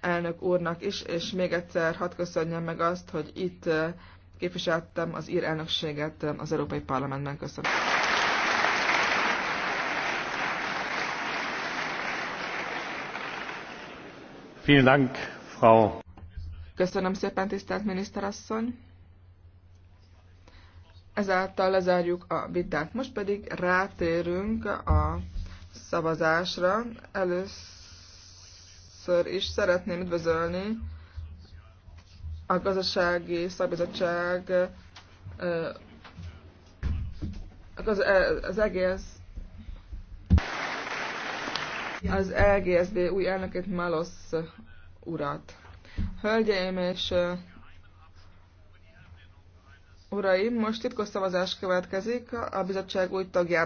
elnök úrnak is, és még egyszer hadd köszönjem meg azt, hogy itt eh, képviseltem az ír elnökséget eh, az Európai Parlamentben. Köszönöm. Vielen Dank, Frau. Köszönöm szépen, tisztelt miniszterasszony. Ezáltal lezárjuk a vitát. Most pedig rátérünk a szavazásra. Először Először is szeretném üdvözölni a gazdasági szabizottság az, egész az EGSD e új elnökét Malosz urat. Hölgyeim és uraim, most titkos szavazás következik a bizottság új tagjának.